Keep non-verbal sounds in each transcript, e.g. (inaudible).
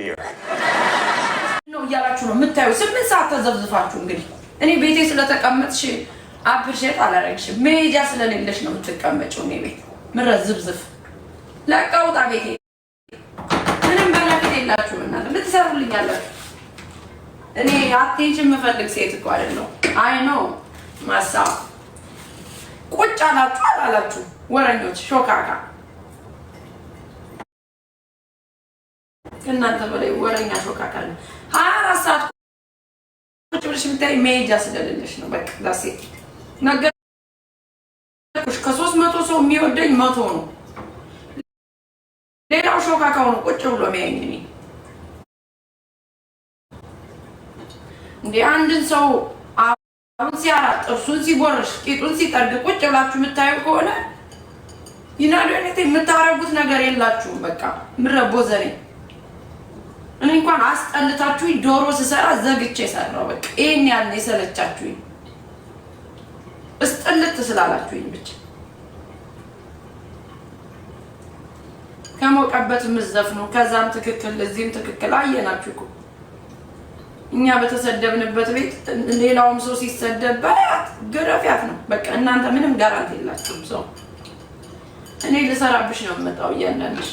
ነው እያላችሁ ነው የምታዩ። ስምንት ሰዓት ተዘብዝፋችሁ እንግዲህ እኔ ቤቴ ስለተቀመጥሽ አፕሪሼት አላረግሽም። መሄጃ ስለሌለሽ ነው የምትቀመጭው። እኔ ቤት ምረት ዝብዝፍ ለቀውጣ ቤቴ ምንም በነፊት የላችሁ እና ልትሰሩልኝ አላችሁ። እኔ አቴንሽን የምፈልግ ሴት እኮ አይደለሁ። አይ ነው ማሳ ቁጭ አላችሁ አላላችሁ ወረኞች ሾካካ ከእናንተ በላይ ወረኛ ሾካካ ነው። ሀያ አራት ሰዓት ቁጭ ብለሽ የምታይ መሄጃ ስለሌለሽ ነው። በቃ ዳሴ ነገርኩሽ። ከሶስት መቶ ሰው የሚወደኝ መቶ ነው። ሌላው ሾካካው ነው ቁጭ ብሎ የሚያየኝ እኔ እንደ አንድን ሰው አሁን ሲያራ ጥርሱን ሲጎርሽ ቂጡን ሲጠርግ ቁጭ ብላችሁ የምታዩ ከሆነ ይናዶ የምታረጉት ነገር የላችሁም። በቃ ምረቦ ዘሬ እኔ እንኳን አስጠልታችሁኝ ዶሮ ስሰራ ዘግቼ ሰራው። በቃ ይሄን ያን የሰለቻችሁኝ እስጥልት ስላላችሁኝ ብቻ ከሞቀበት ምዘፍ ነው። ከዛም ትክክል እዚህም ትክክል አየናችሁ እኮ እኛ በተሰደብንበት ቤት ሌላውም ሰው ሲሰደብ በያት ግረፊያት ነው በቃ። እናንተ ምንም ጋራንቲ የላችሁም። ሰው እኔ ልሰራብሽ ነው የምመጣው እያንዳንድሽ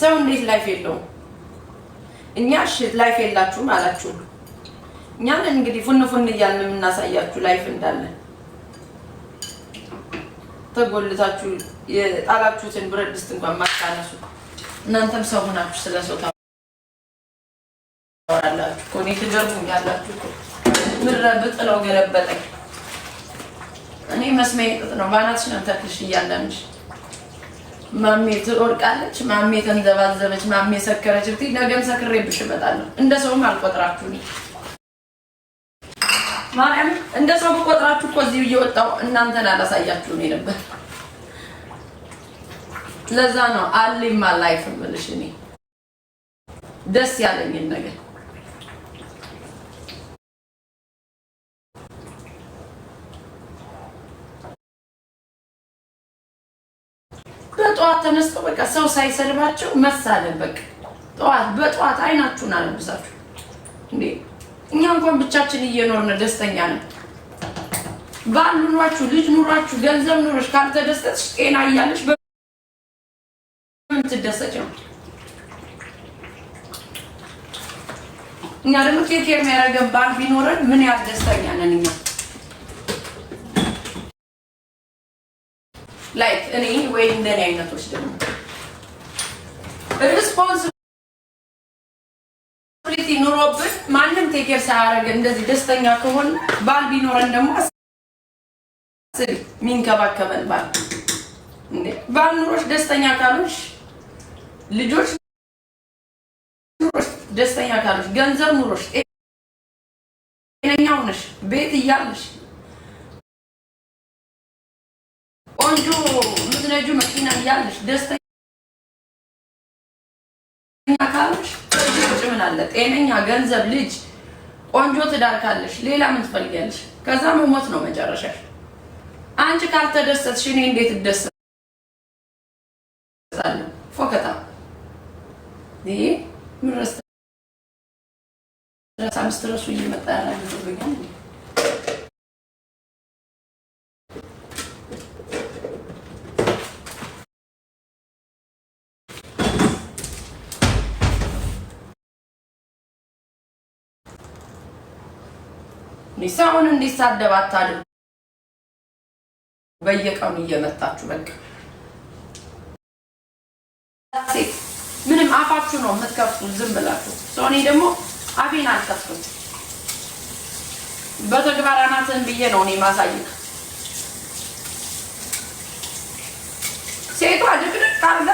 ሰው እንዴት ላይፍ የለውም? እኛ እሺ ላይፍ የላችሁም አላችሁ። እኛን እንግዲህ ፉን ፉን እያልን የምናሳያችሁ ላይፍ እንዳለ ተጎልታችሁ የጣላችሁትን ብረት ድስት እንኳን ማታነሱ እናንተም ሰው ሆናችሁ ስለ ሰው ታወራላችሁ እኮ እኔ ትገርሙኝ ያላችሁ እኮ ምድረ ብጥ ገለበጠኝ እኔ መስሜ ጥጥ ነው ባናትሽ ነው ተክልሽ እያለንሽ ማሜ ትወርቃለች፣ ማሜ ተንዘባዘበች፣ ማሜ ሰከረች ብትይ ነገም ሰክሬብሽ እመጣለሁ። እንደ ሰውም አልቆጥራችሁ ማርያም፣ እንደ ሰው ቆጥራችሁ እኮ እዚህ እየወጣሁ እናንተን አላሳያችሁ ነው ነበር። ለዛ ነው አሊማ ላይፍ እምልሽ እኔ ደስ ያለኝን ነገር በጠዋት ተነስተው በቃ ሰው ሳይሰልባቸው መሳለን በቃ ጠዋት በጠዋት አይናችሁን አለብሳችሁ እንዴ እኛ እንኳን ብቻችን እየኖርን ደስተኛ ነን። ባል ኑሯችሁ፣ ልጅ ኑሯችሁ፣ ገንዘብ ኑሮች ካልተደሰትሽ ጤና እያለሽ በምትደሰች ነው። እኛ ደግሞ ቴቴ የሚያደርገን ባል ቢኖረን ምን ያህል ደስተኛ ነን እኛ ላይክ እኔ ወይ እንደኔ አይነቶች ደግሞ ሪስፖንስብሊቲ ኑሮብን ማንም ቴኬር ሳያደርግ እንደዚህ ደስተኛ ከሆን ባል ቢኖረን ደግሞ ስል የሚንከባከበን ባል ባል ኑሮች ደስተኛ ካሎች ልጆች ደስተኛ ገንዘብ ኑሮች ጤነኛ ሆነሽ ቤት እያለሽ ቆንጆ ምትነጁ መኪና እያለሽ ደስተኛ ካለሽ ከዚህ ውጭ ምን አለ? ጤነኛ ገንዘብ፣ ልጅ፣ ቆንጆ ትዳር ካለሽ ሌላ ምን ትፈልጊያለሽ? ከዛ መሞት ነው መጨረሻሽ። አንቺ ካልተደሰትሽ እኔ እንዴት እደሰታለሁ? ፎከታ ይሄ ምን ረስታ እየመጣ ያለ ኒሳውን እንዲሳደብ አታድርጉ። በየቀኑ እየመጣችሁ በቃ ሴት ምንም አፋችሁ ነው የምትከፍቱ ዝም ብላችሁ። ሰው እኔ ደግሞ አፌን አልከፍትም። በተግባር አናትን ብዬ ነው እኔ ማሳየት። ሴቷ ድቅድቅ አድርጋ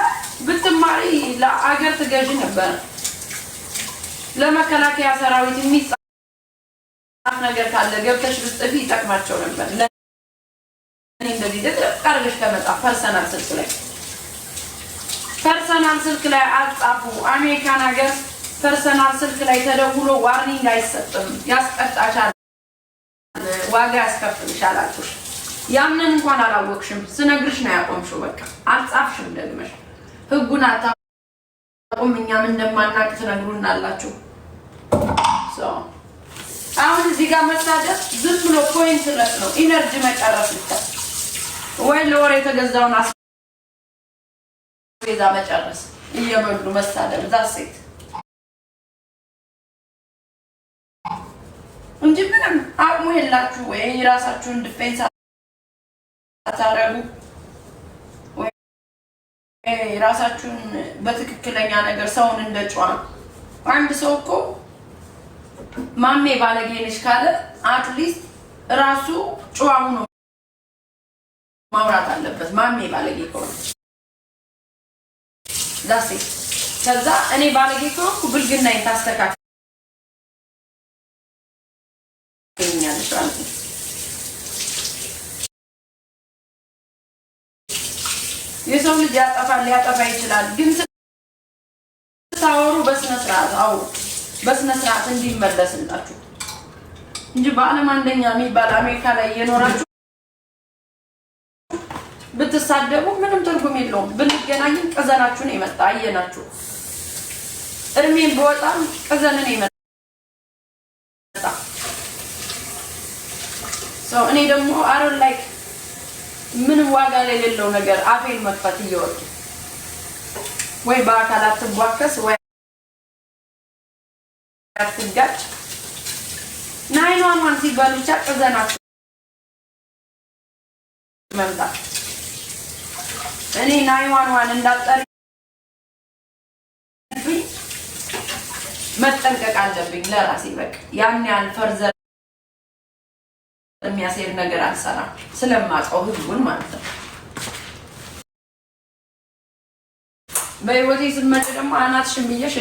ብትማሪ ለአገር ትገዥ ነበረ። ለመከላከያ ሰራዊት የሚጻ ነገር ካለ ገብተሽ ብትጽፊ ይጠቅማቸው ነበር። ለእኔ እንደዚህ ደግሞ ቀርበሽ ከመጻፍ ፐርሰናል ስልክ ላይ ፐርሰናል ስልክ ላይ አጻፉ። አሜሪካን ሀገር ፐርሰናል ስልክ ላይ ተደውሎ ዋርኒንግ አይሰጥም። ያስቀጣሻል፣ ዋጋ ያስከፍልሻል አልኩሽ። ያምንን እንኳን አላወቅሽም። ስነግርሽ ነው ያቆምሽው። በቃ አልጻፍሽም ደግመሽ። ህጉን አታውቁም። እኛም እንደማናቅ ትነግሩናላችሁ። አሁን እዚህ ጋር መሳደብ ዝም ብሎ ፖይንት ረስ ነው፣ ኢነርጂ መጨረስ ብቻ ወይ ለወር የተገዛውን አስቤዛ መጨረስ እየበሉ መሳደብ ዛሴት እንጂ ምንም አቅሙ የላችሁ ወይ የራሳችሁን ዲፌንስ አታረጉ ወይ በትክክለኛ ነገር ሰውን እንደ ጨዋ አንድ ሰው እኮ ማሜ ባለጌ ነሽ ካለ አትሊስት ራሱ ጨዋሙ ነው ማውራት አለበት። ማሜ ባለጌ ከሆነች ዳሴ ከዛ እኔ ባለጌ ከሆንኩ ብልግና ታስተካክለኛለች ማለት ነው። የሰው ልጅ ያጠፋል፣ ሊያጠፋ ይችላል። ግን ስታወሩ በስነ ስርዓት አውሩ። በስነ ስርዓት እንዲመለስላችሁ እንጂ በዓለም አንደኛ የሚባል አሜሪካ ላይ የኖራችሁ ብትሳደቡ ምንም ትርጉም የለውም። ብንገናኝም ቅዘናችሁን የመጣ አየናችሁ። እድሜን በወጣም ቅዘንን የመጣ ሰው እኔ ደግሞ አሮን ላይ ምንም ዋጋ ላይ የሌለው ነገር አፌን መክፈት እየወጡ ወይ በአካላት ትቧከስ ወይ ያስጋጭ ናይኗኗን ሲባል ብቻ ቅዘናት መምጣት እኔ ናይኗኗን እንዳጠሪ መጠንቀቅ አለብኝ ለራሴ በቃ ያን ያህል ፈርዘር የሚያስሄድ ነገር አልሰራም ስለማውቀው ህጉን ማለት ነው። በህይወቴ ስመጭ ደግሞ አናትሽን ብዬሽ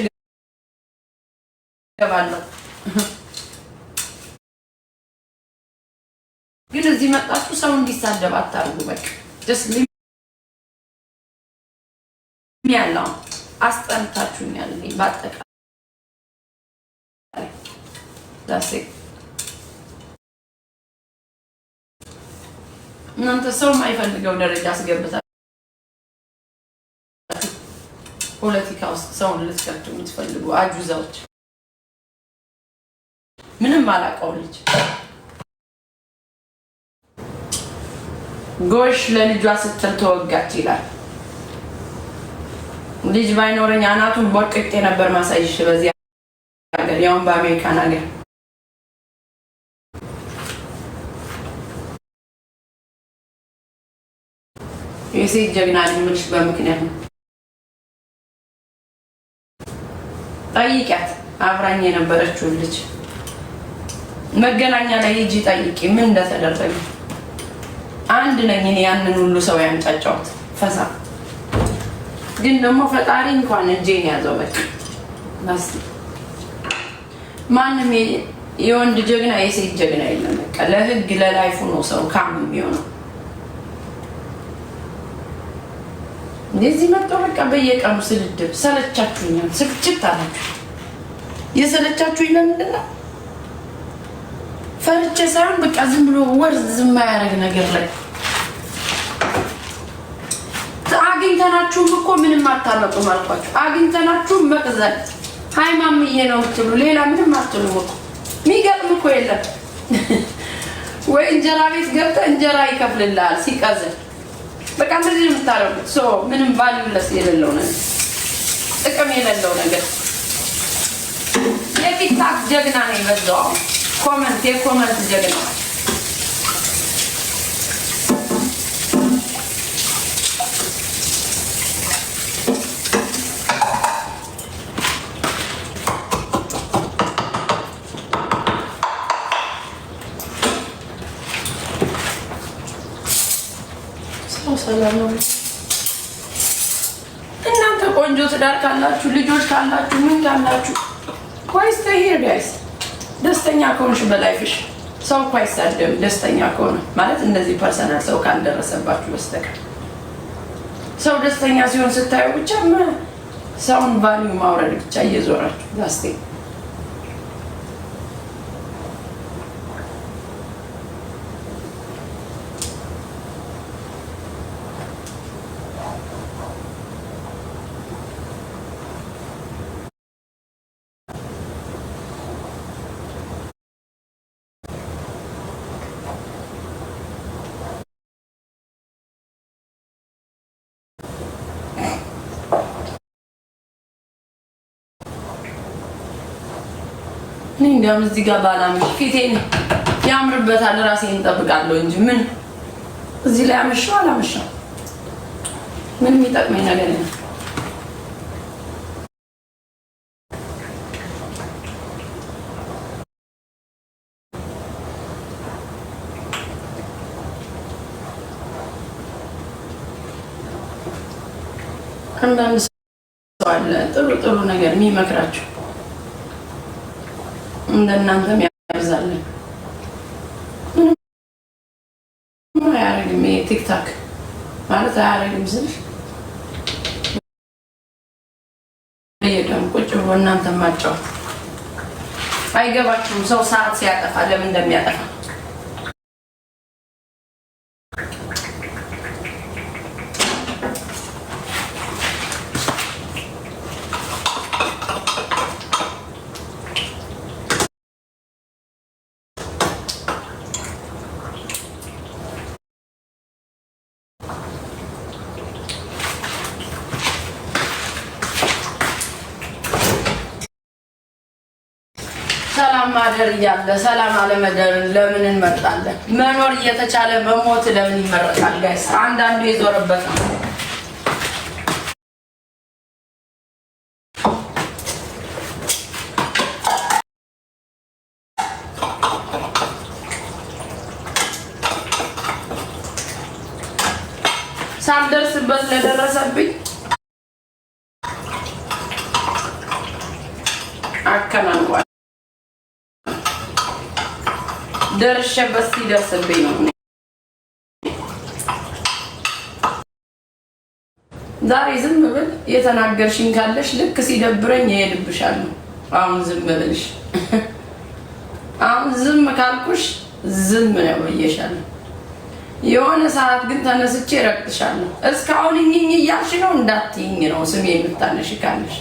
ገባለሁ ግን እዚህ መጣችሁ ሰው እንዲሳደብ አታርጉ። በቃ ደስ ያለው አስጠንታችሁኛል። በአጠቃላይ እናንተ ሰው የማይፈልገው ደረጃ አስገብታችሁ ፖለቲካ ውስጥ ሰውን ልትከቱ የምትፈልጉ አጁዛዎች ምንም አላውቀው ልጅ ጎሽ ለልጇ ስትል ተወጋች ይላል። ልጅ ባይኖረኝ አናቱን ቦርቅቄ ነበር ማሳይሽ በዚህ ሀገር ያውም በአሜሪካን ሀገር የሴት ጀግና ልምልሽ በምክንያት ነው። ጠይቂያት አብራኝ የነበረችውን ልጅ መገናኛ ላይ ሂጂ ጠይቂ፣ ምን እንደተደረገ አንድ ነኝ እኔ ያንን ሁሉ ሰው ያንጫጫሁት ፈሳ። ግን ደግሞ ፈጣሪ እንኳን እጄን ያዘው። በስ ማንም የወንድ ጀግና የሴት ጀግና የለም። በቃ ለህግ ለላይፉ ነው ሰው ካም የሚሆነው እንደዚህ መጣሁ። በቃ በየቀኑ ስድድብ ሰለቻችሁኛል። ስብችት አላችሁ። የሰለቻችሁኝ ለምንድን ነው? ፈርቼ ሳይሆን በቃ ዝም ብሎ ወርዝ የማያደርግ ነገር ላይ አግኝተናችሁም እኮ ምንም አታመጡም አልኳችሁ። አግኝተናችሁም መቅዘን ሃይማምዬ ነው ትሉ ሌላ ምንም አትሉ። የሚገጥም እኮ የለም (laughs) ወይ እንጀራ ቤት ገብተ እንጀራ ይከፍልልሃል ሲቀዝን። በቃ እንደዚህ ነው የምታደርጉት። ምንም ቫልዩለስ የሌለው ነገር፣ ጥቅም የሌለው ነገር የቲክታክ ጀግና ነው የበዛው አሁን ኮመንት የኮመንት ጀግና እናንተ ቆንጆ ትዳር ካላችሁ ልጆች ካላችሁ ምን ካላችሁ ወይስ ተሄር ጋይስ ደስተኛ ከሆንሽ በላይፍሽ ሰው እኮ አይሳደም። ደስተኛ ከሆነ ማለት እንደዚህ ፐርሰናል ሰው ካልደረሰባችሁ በስተቀር ሰው ደስተኛ ሲሆን ስታዩ ብቻ ሰውን ቫሊዩ ማውረድ ብቻ እየዞራችሁ ላስቴ እኔ እንዲያውም እዚህ ጋር ባላምሽ ፊቴን ያምርበታል። ራሴን እንጠብቃለሁ እንጂ ምን እዚህ ላይ አመሻው አላመሻው ምን የሚጠቅመኝ ነገር ነው? አንዳንድ ሰው አለ ጥሩ ጥሩ ነገር የሚመክራችሁ እንደናንተም ያብዛለን። ይሄ ቲክታክ ማለት አያደርግም ስልሽ በየቀኑ ቁጭ ብሎ እናንተ ማጫወት አይገባችሁም። ሰው ሰዓት ሲያጠፋ ለምን እንደሚያጠፋ ሰላም ማደር እያለ ሰላም አለመደርን ለምን እንመርጣለን? መኖር እየተቻለ መሞት ለምን ይመረጣል? ጋይስ አንዳንዱ የዞረበት ነው። ሳልደርስበት ለደረሰብኝ ደርሼበት ሲደርስብኝ ነው። ዛሬ ዝም ብል የተናገርሽኝ ካለሽ ልክ ሲደብረኝ እሄድብሻለሁ። አሁን ዝም ብልሽ አሁን ዝም ካልኩሽ ዝም ነው ብዬሻለሁ። የሆነ ሰዓት ግን ተነስቼ እረግጥሻለሁ። እስካሁን እኝኝ እያልሽ ነው እንዳትይኝ ነው ስሜ የምታነሽ ካለሽ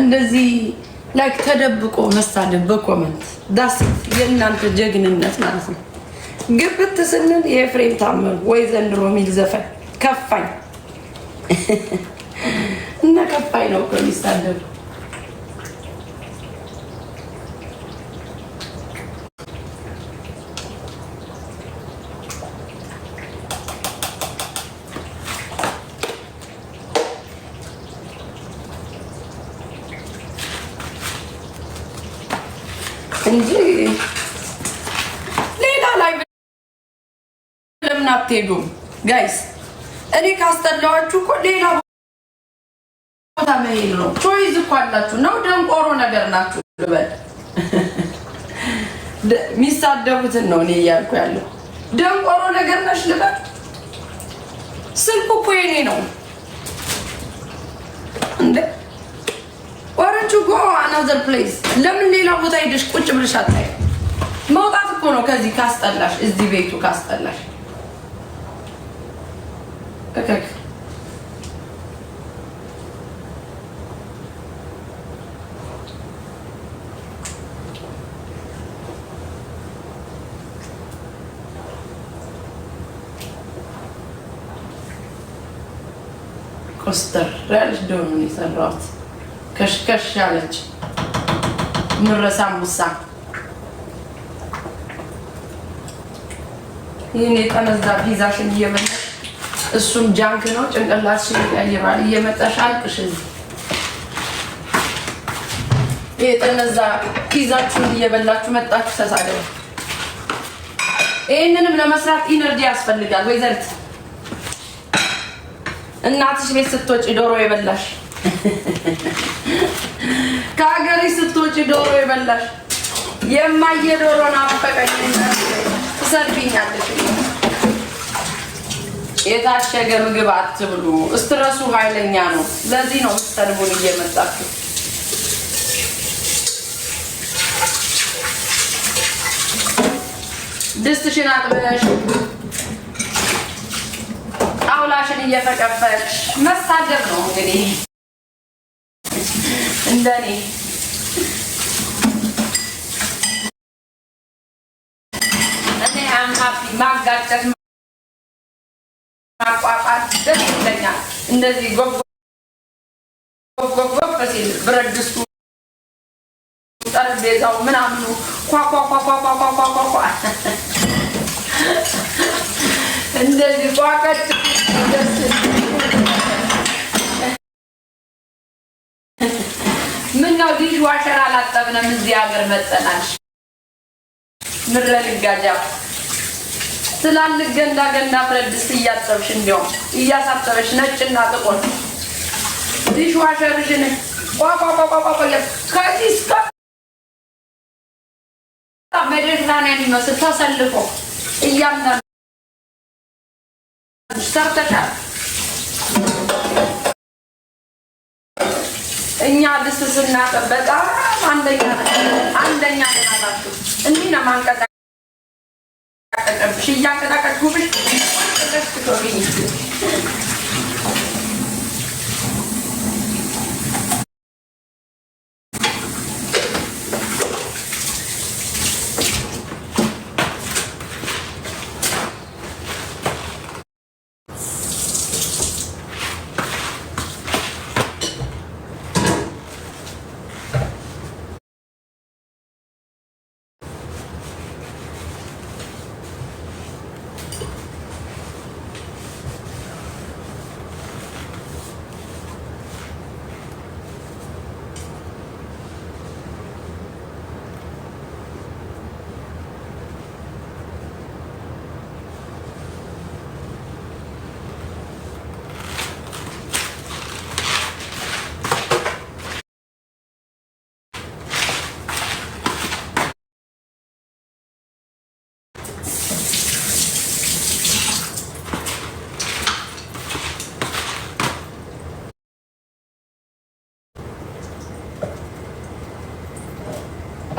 እንደዚህ ላይክ ተደብቆ መሳደብ በኮመንት ዳስ የእናንተ ጀግንነት ማለት ነው። ግብት ስንል የፍሬም ታምር ወይ ዘንድሮ የሚል ዘፈን ከፋኝ (laughs) እና ከፋኝ ነው እኮ የሚሳደብ እንጂ ሌላ ላይ ለምን አትሄዱም ጋይስ? እኔ ካስጠላዋችሁ እኮ ሌላ ቦታ መሄድ ነው። ቾይዝ እኮ አላችሁ ነው። ደንቆሮ ነገር ናችሁ ልበል። የሚሳደቡትን ነው እኔ እያልኩ ያለው። ደንቆሮ ነገር ነሽ ልበል። ስልኩ እኮ የኔ ነው እንደ ወረንቹ ጎ አናዘር ፕሌስ ለምን ሌላ ቦታ ሄደሽ ቁጭ ብለሽ አታይ? መውጣት እኮ ነው ከዚህ ካስጠላሽ፣ እዚህ ቤቱ ካስጠላሽ። ኮስተር ያለሽ ደሆኑን የሰራሁት ከሽከሽ አለች ምረሳ ሙሳ ይህን የጠነዛ ፒዛሽን እየመለ እሱም ጃንክ ነው። ጭንቅላትሽን ይቀይራል። እየመጣሽ አልቅሽ እዚህ የጠነዛ ፒዛችሁን እየበላችሁ መጣችሁ ተሳደቡ። ይህንንም ለመስራት ኢነርጂ ያስፈልጋል። ወይዘርት እናትሽ ቤት ስትወጪ ዶሮ የበላሽ ከሀገርሽ ስትወጪ ዶሮ የበላሽ የማየ ዶሮ ናፈቀኝ። ትሰድቢኛለሽ። የታሸገ ምግብ አትብሉ፣ እስትረሱ ኃይለኛ ነው። ለዚህ ነው የምትሰድቡን እየመጣችሁ ድስትሽን አጥበሽ ጣውላሽን እየፈቀፈች መሳደብ ነው እንግዲህ እንደኔ እኔ አምሀፊ ማጋጨት ማቋቋት ደስ ይለኛል። እንደዚህ ጎብጎብጎብ ሲል ብረት ድስቱ ጠረጴዛው ምናምኑ ኳኳኳኳኳኳኳኳ እንደዚህ ቋቀጭ ደስ ምን ነው ዲሽ ዋሸር አላጠብንም። እዚህ ሀገር መጠናል ምረልጋጃ ልጋጃ ትላልቅ ገንዳ ገንዳ ፍረድስ እያጠብሽ እንዲያውም እያሳጠበሽ ነጭና ጥቁር ዲሽ ዋሸርሽን ቋቋቋቋቋ ከዚህ እስከ ተሰልፎ እያንዳንዱ ሰርተሻል። እኛ ልብስ ስናጥብ በጣም አንደኛ አንደኛ ናታችሁ። እንዲህ ነው ማንቀጣቀጥብሽ እያንቀጣቀጥኩብሽ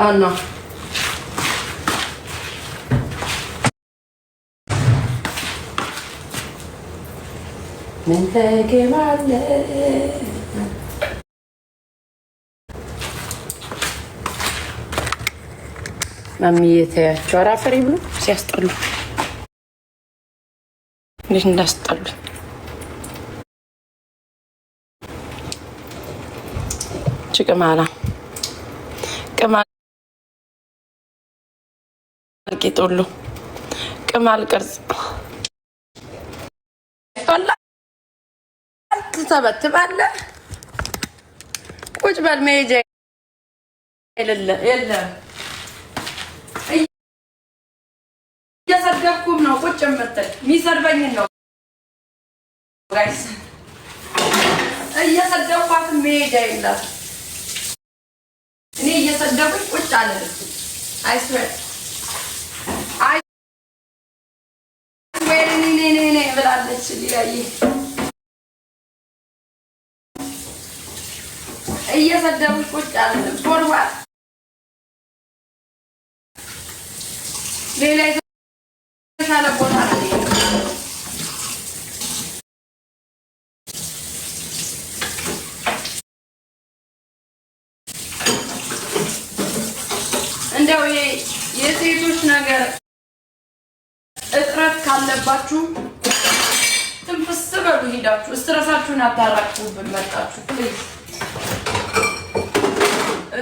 አና ምን ተገባለህ? ማሚ አራፈሪ ብሎ ሲያስጠሉ እንዴት እንዳስጠሉ ጭቅማላ ጌጥ ሁሉ ቅማል ቅርጽ ትሰበትባለህ። ቁጭ በል መሄጃ የለ እየሰደብኩም ነው ቁጭ የምትል የሚሰድበኝን ነው ጋይስ እየሰደብኳት መሄጃ የለም። እኔ እየሰደቡኝ ቁጭ አለ አይስበር አለች ሊያዬ። እየሰደቡ ቁጭ አለም ሾርባ ሌላ የተሻለ ቦታ ነው። እንደው የሴቶች ነገር እጥረት ካለባችሁ ሄዳችሁ እስቲ ራሳችሁን አታራቅቡብን። መጣችሁ ፕሊዝ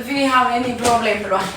ቪ ሃቭ ኤኒ ፕሮብሌም ብሏል።